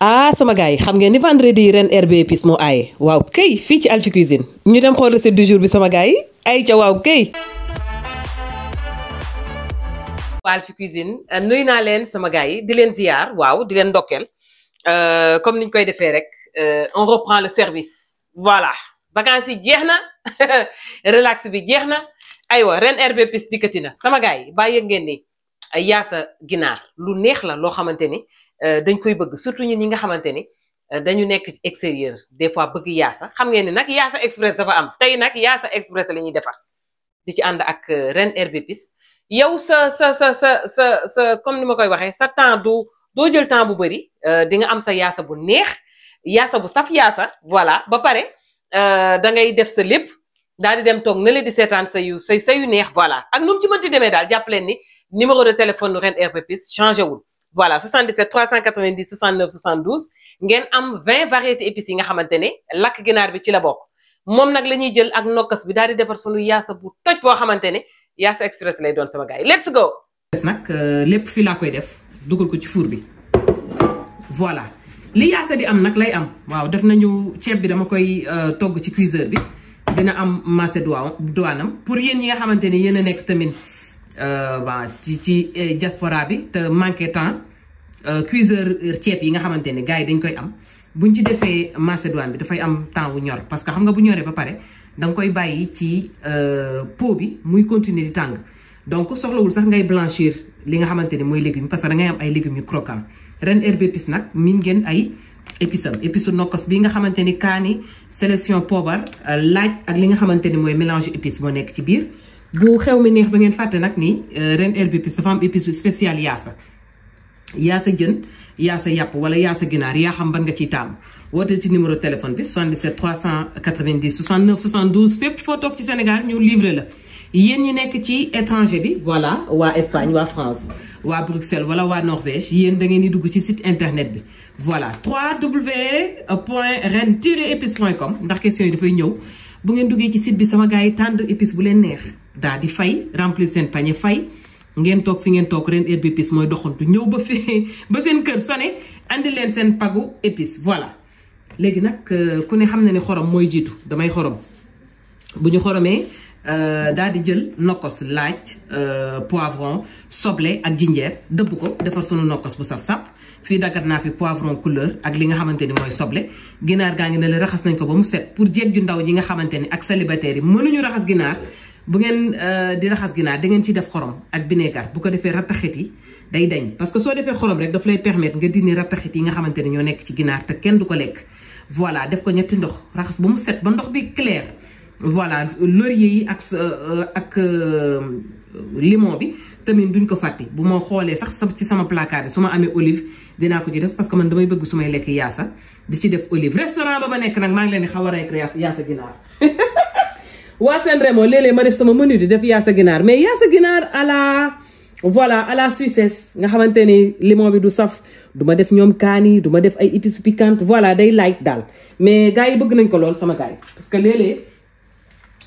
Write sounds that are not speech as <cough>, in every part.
ah sama gars yi xam ngeen ni vendredi ren herbe épice moo aaye waaw kay fii ci Alphie Cuisine ñu dem xool recette du jour bi sama gars yi ay ca waaw kay. waa Alphie Cuisine euh, nuyu naa leen sama gars yi di leen ziar waaw di leen ndokkeel euh, comme niñ koy defee rek euh, on reprend le service voilà vacances yi jeex na <laughs> relax bi jeex na aywa ren herbe épice dikkati na sama gars yi bàyyi ngeen nii yaasa ginaar lu neex la loo xamante ni euh, dañ koy bëgg surtout ñun ñi nga xamante ni euh, dañu nekk ci extérieur des fois bëgg yaasa xam ngeen ni nag yaasa express dafa am tey nag yaasa express la ñuy defar di ci ànd ak euh, ren Herbes Épices yow sa sa sa sa sa sa comme ni ma koy waxee sa temps do doo jël temps bu bëri di nga am sa yaasa bu neex yaasa bu saf yasa voilà ba pare da ngay def sa lépp daal di dem toog na le di seetaan sa sa yu neex voilà ak nu mu ci mënti demee daal jàpp leen ni. numéro de téléphone ren RPPIS changé wul voilà 77 390 69 72 ngeen am 20 variétés épices yi nga xamante ne lakk ginaar bi ci la bokk moom nag la ñuy jël ak nokkas bi daal di defar sunu yaasa bu toj boo xamante ne yaasa express lay doon sama gars yi go. nag euh, lépp fii laa koy def dugal ko ci fuur bi voilà li yaasa di am nag lay am waaw def nañu ceeb bi dama koy euh, togg ci cuiseur bi dina am macédoine am pour yéen ñi nga xamante ne yéen a nekk waaw euh, ci ci euh, diaspora bi te manqué temps euh, cuiseur ceeb yi nga xamante ne gars yi dañ koy am buñ ci defee macédoine bi dafay am temps wu ñor parce que xam nga bu ñoree ba pare danga koy bàyyi ci pot bi muy continuer di tàng donc soxlawul sax ngay blanchir li nga xamante ni mooy légumes parce que da ngay am ay légumes yu croquants ren herbe épice nag min ngeen ay épice am épice nokkos bi nga xamante ni kaani sélection poobar laaj ak li nga xamante ni mooy mélange épice moo nekk ci biir bu xew mi neex ba ngeen fàtte nag ni euh, ren herbe épice dafa am épice spéciale yaasa yaasa jën yaasa yàpp wala yaasa ginaar yaa xam ban nga ciy taamu woote ci numéro téléphone bi 77 390 69 72 fépp foo toog ci Sénégal ñu livré la yéen ñi nekk ci étranger bi voilà waa Espagne waa France waa Bruxelles wala waa Norvège yéen da ngeen di dugg ci site internet bi voilà 3w point ren tiret épice point com ndax question yi dafay ñëw bu ngeen duggee ci site bi sama gars yi tànn épice bu leen neex daa di fay remplir seen panier fay ngeen toog fi ngeen toog reen herbe épice mooy doxantu ñëw ba fi ba seen kër sone andi leen seen pagu épice voilà léegi nag euh, ku ne xam na ni xorom mooy jiitu damay xorom bu ñu xoromee euh, daal di jël nokkos laaj euh, poivron soble ak jinjeer dëbb ko defar sunu nokkos bu saf-saf fii daggat naa fi poivron couleur ak li nga xamante ni mooy soble ginaar gaa ngi ne la raxas nañ ko ba mu set pour jeeg ju ndaw ji nga xamante ni ak célibataire yi mënuñu raxas ginaar bu ngeen euh, di raxas ginaar da ngeen ciy def xorom ak vinaigre bu ko defee rattaxit yi day dañ parce que soo defee xorom rek daf lay permettre nga dindi rattaxit yi nga xamante ne ñoo nekk ci ginaar te kenn du ko lekk. voilà def ko ñetti ndox raxas ba mu set ba ndox bi clair voilà laurier yi ak euh, ak euh, limon bi tamit duñ ko fàtte bu ma xoolee sax sa ci sama placard bi su ma amee olive dinaa ko ci def parce que man damay bëgg su may lekk yaasa di ci def olive restaurant ba ma nekk nag maa ngi leen di xaw a rey yaasa ginaar <laughs> waa seen remo léeg-léeg ma def sama menu di def yaasa ginaar mais yaasa ginaar à la voilà à la Suissesse nga xamante ni limon bi du saf du ma def ñoom kaani du ma def ay épices piquantes voilà day light daal mais gars yi bëgg nañ ko lool sama gars yi parce que léeg-léeg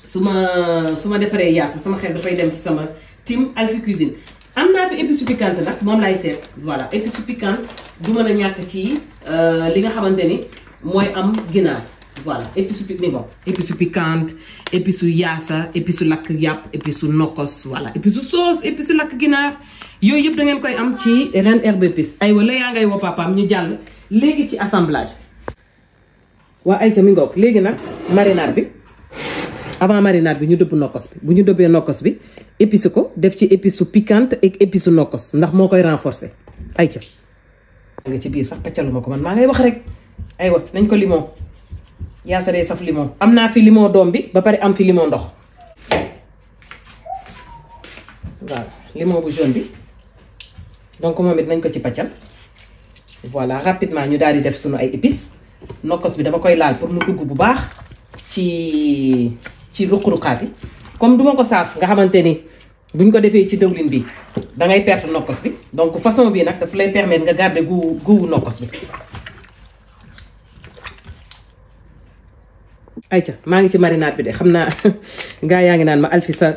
su ma su ma defaree yaasa sama xel dafay dem ci sama team Alphie Cuisine am naa fi épices piquantes nag moom lay seet voilà épices piquantes du mën a ñàkk ci euh, li nga xamante ni mooy am ginaar voilà épices pi mi ngo épices piquante épices yaasa épices lakk yàpp épices nokkos voilà épices sauce épices lakk ginaar yooyu yëpp da ngeen koy am ci Reen Herbes Épices ay wala yaa ngay woo ñu jàll léegi ci assemblage waa ay ca mi ngoog léegi nag marinade bi avant marinade bi ñu dëbb nokkos bi bu ñu dëbbee nokkos bi épice ko def ci épice piquante ak épice nokkos ndax moo koy renforcer ay ca nga ci biir sax paccalu ma ko man maa ngay wax rek ay wa nañ ko limon yaa sa dee saf limon am naa fi limon doom bi ba pare am fi limon ndox waaw limon bu jaune bi donc moom it nañ ko ci paccal voilà rapidement ñu daal di def sunu ay épices nokkos bi dama koy laal pour mu dugg bu baax ci ci ruq-ruqaat yi comme duma ko saaf nga xamante ni buñ ko defee ci dëwlin bi da ngay perte nokkos bi donc façon bii nag daf lay permettre nga garder gu guwu nokkos bi ayca maa ngi ci marinade bi de xam naa <laughs> gaa yaa ngi naan ma alfi sa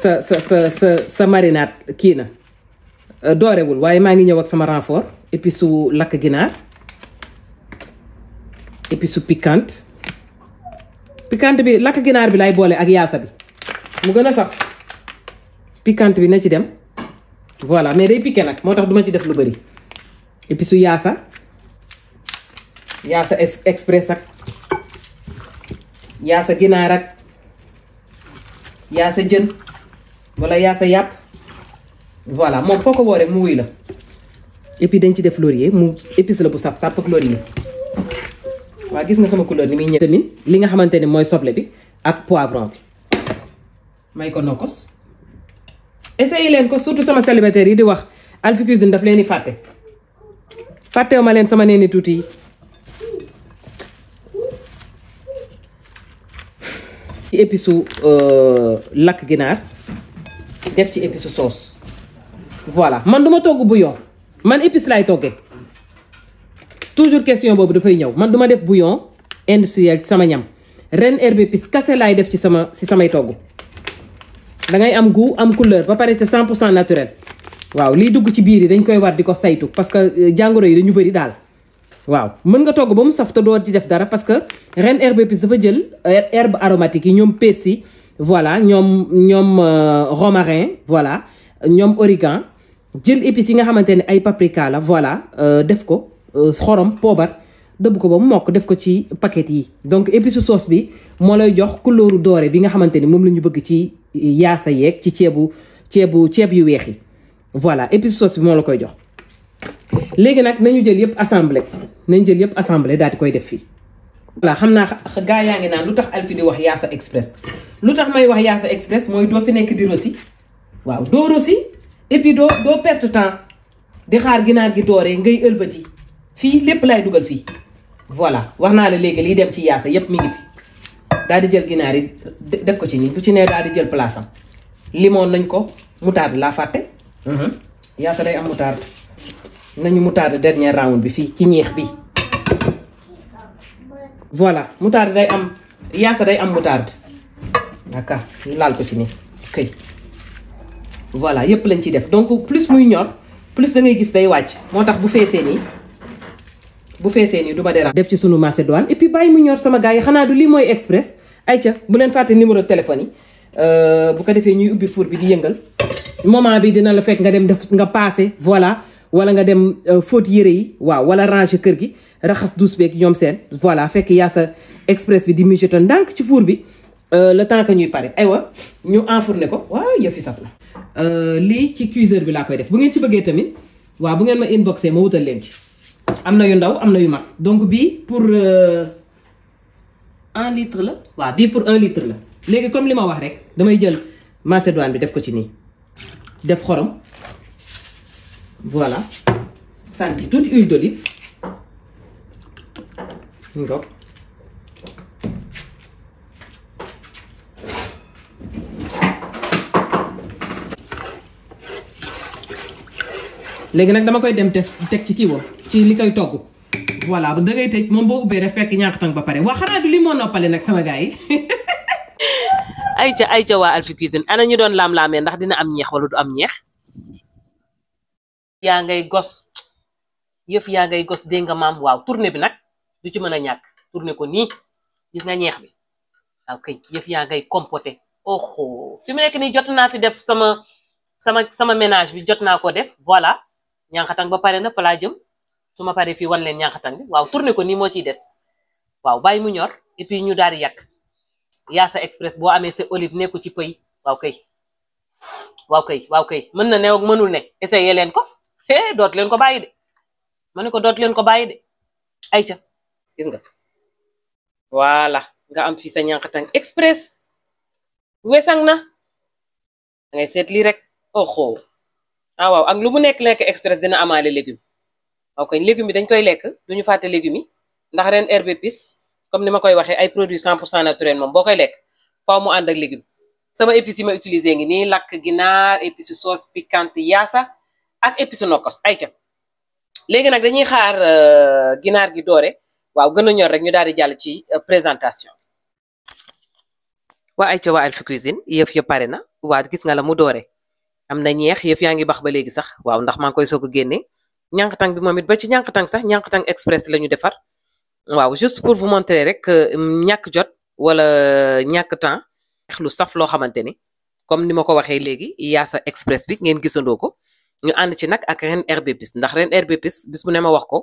sa sa sa sa sa kii na euh, doorewul waaye maa ngi ñëw ak sama renfort épice su lakk ginaar épice su piquante piquante bi lakk ginaar bi lay boole ak yaasa bi mu gën a saf piquante bi na ci dem voilà mais day piqué nag moo tax duma ci def lu bëri épice su yaasa yaasa express ak yaa sa ginaar ak yaa sa jën walla yaa sa yàpp voilà moom foo ko woo mu wuy la et dañ ci def laurier mu épice la bu sap sap ak laurier waaw gis nga sama couleur ni muy ñëw tamit li nga xamante ni mooy soble bi ak poivron bi may ko nokkos essayé leen ko surtout sama célibataire yi di wax Alphie Cuisine daf leen di fàtte fàttewu ma leen sama neeni tuuti ci épices euh, lakk ginaar def ci épices sauce voilà man du ma togg bouillon man épice laay toggee toujours question boobu dafay ñëw man du def bouillon industriel ci sama ñam ren herbe épice kase laay def ci sama ci samay togg dangay am goût am couleur ba pare c'est 100 pour cent naturel waaw liy dugg ci biir yi dañ koy war di ko saytu parce que euh, jàngoro yi dañu bëri daal. waaw mën nga togg ba mu saf te doo ci def dara parce que ren Herbes Épices dafa jël euh, herbe aromatique yi ñoom persil voilà ñoom ñoom euh, romarin voilà ñoom origan jël épices yi nga xamante ne ay paprika la voilà euh, def ko xorom poobar dëbb ko ba mu mokk def ko ci paquet yi donc épice sauce bi moo lay jox couleur doré bi nga xamante ni moom la ñu bëgg ci yaasa yeeg ci ceebu ceebu ceeb yu weex yi voilà épice sauce bi moo la koy jox léegi nag nañu jël yëpp assemblé nañ jël yëpp assemblée daal di koy def fii. voilà xam naa gaa yaa ngi naan lu tax Alfi wax Yaasa Express lu tax may wax Yaasa Express mooy doo fi nekk di rosi waaw doo rosi et puis doo perte temps di xaar ginaar gi dooree ngay ëlbati fii lépp laay dugal fii. voilà wax naa la léegi liy dem ci Yaasa yëpp mi ngi fi daal di jël ginaar yi def ko ci nii bu ci nee daal di jël place limon nañ ko moutarde laa fàtte. Mhm. Yaasa day am moutarde. nañu moutarde dernier round bi fii ci ñeex bi voilà moutarde day am yaasa day am moutarde d'accord ñu laal ko ci nii këy voilà yëpp lañ ciy def donc plus muy ñor plus da ngay gis day wàcc moo tax bu feesee nii bu feesee nii du ma dera def ci sunu macédoine et puis bàyyi mu ñor sama gars yi xanaa du lii mooy express ayca bu leen fàtte numéro téléphone yi euh, bu ko defee ñuy ubbi four bi di yëngal moment bi dina la fekk nga dem def nga paase voilà wala nga dem euh, fóot yére yi waaw wala ranger kër gi raxas douche beeg ñoom seen voilà fekk yaa sa express bi di mijoton ndànk ci four bi euh, le temps que ñuy pare aywa ñu enfourner ko waaw yëfi saf la. Euh, lii ci cuiseur bi laa koy def bu ngeen ci bëggee tamit waaw bu ngeen ma inboxé ma wutal leen ci am na yu ndaw am na yu mag donc bii pour un litre la waaw bii pour un litre la léegi comme li ma wax rek damay jël macédoine bi def ko ci nii def xorom. voilà sànni ci tuuti huile d'olive ngop léegi nag dama koy dem def teg ci kii woo ci li koy togg voilà bu dangay tëj moom boo ubbee def fekk ñàkk ba pare waa xanaa du li moo noppale nag sama ay yi <laughs> ayca ayca waa Alphie Cuisine ana ñu doon laam-laamee ndax dina am ñeex wala du am ñeex yaa ngay gos yëf yaa ngay gos dégg nga maam waaw tournée bi nag du ci mën a ñàkk tourné ko nii gis nga ñeex bi waaw kay yëf yaa ngay compoté oxo fi mu nekk nii jot naa fi def sama sama sama ménage bi jot naa ko def voilà ñànxatan ba pare na fa laa jëm su ma paree fii wan leen ñànxatan bi waaw tourné ko nii moo ciy des waaw bàyyi mu ñor et puis ñu daal di yàq yaa sa express boo amee sa olive nekku ci pëy waaw kay waaw kay waaw kay mën na ne ak mënul ne essayé leen ko eh doot leen ko bàyyi de ma ne ko doot leen ko bàyyi de ay ca gis nga voilà nga am fii sa ñànkatang express wesang na da ngay seet lii rek oxo oh, ah waaw ak lu mu nekk lekk express dina amaale légume waaw koy légume yi dañ koy lekk du ñu fàtte légume yi ndax ren herbe épice comme ni ma koy waxee ay produits 100 pour cent naturel moom boo koy lekk faaw mu ànd a légume sama épices yi ma utiliser ngi nii lakk ginaar épices sauce piquante yaasa ak épices nokkos ay ca léegi nag dañuy xaar euh, ginaar gi doore waaw gën a ñor rek ñu daal di jàll ci euh, présentation waa ay ca waa Alphie Cuisine yëf ya pare na waa gis nga la mu doore am na ñeex yëf yaa ngi bax ba léegi sax waaw ndax maa ngi koy soog a génne ñànkatang bi moom it ba ci ñànkatang sax ñànkatang express la ñu defar waaw juste pour vous montrer rek euh, ñàkk jot wala ñàkk temps lu saf loo xamante ni comme ni ma ko waxee léegi yaasa express bi ngeen gisandoo ko ñu ànd ci nag ak ren herbe épice ndax ren herbe épice bis ma wax ko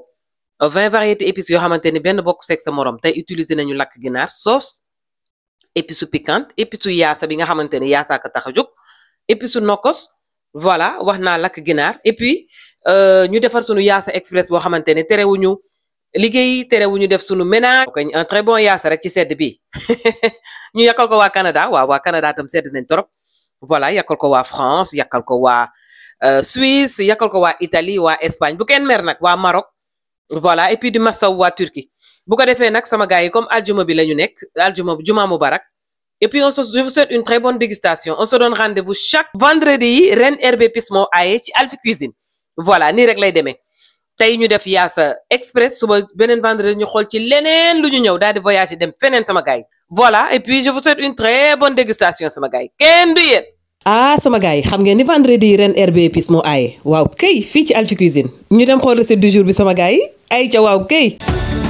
vingt variétés épices yoo xamante ni benn bokk seeg sa morom tey utiliser nañu lakk ginaar sauce épice su piquante épice su yaasa bi nga xamante ni yaasaa ko tax a jóg épice su nokkos voilà wax naa lakk ginaar et puis euh, ñu defar sunu yaasa express boo xamante ne terewuñu liggéey terewuñu def sunu ménage. un très bon yaasa rek ci sedd bi <laughs> ñu yàkkal ko wa Canada waaw waa Canada tam sedd nañ trop voilà yàkkal ko Euh, Suisse yàkkal ko wa Italie waa Espagne bu kenn mer nag wa Maroc voilà et puis di wa waa Turquie bu ko defee nag sama gars yi comme aljuma bi la ñu nekk aljuma juma mubarak et puis on se je vous souhaite une très bonne chaque vendredi yi Reen Herbes Épices moo aaye ci Alphie Cuisine voilà nii rek lay demee tey ñu def yaasa express suba beneen vendredi ñu xool ci leneen lu ñu ñëw daal di voyager dem feneen sama gars yi voilà et puis je vous souhaite une très bonne dégustation sama gars yi du yéen ah sama gars yi xam ngeen ni vendredi ren herbe épice moo aaye waaw kay fii ci Alphie Cuisine ñu dem xool recette du jour bi sama gars yi ay ca waaw kay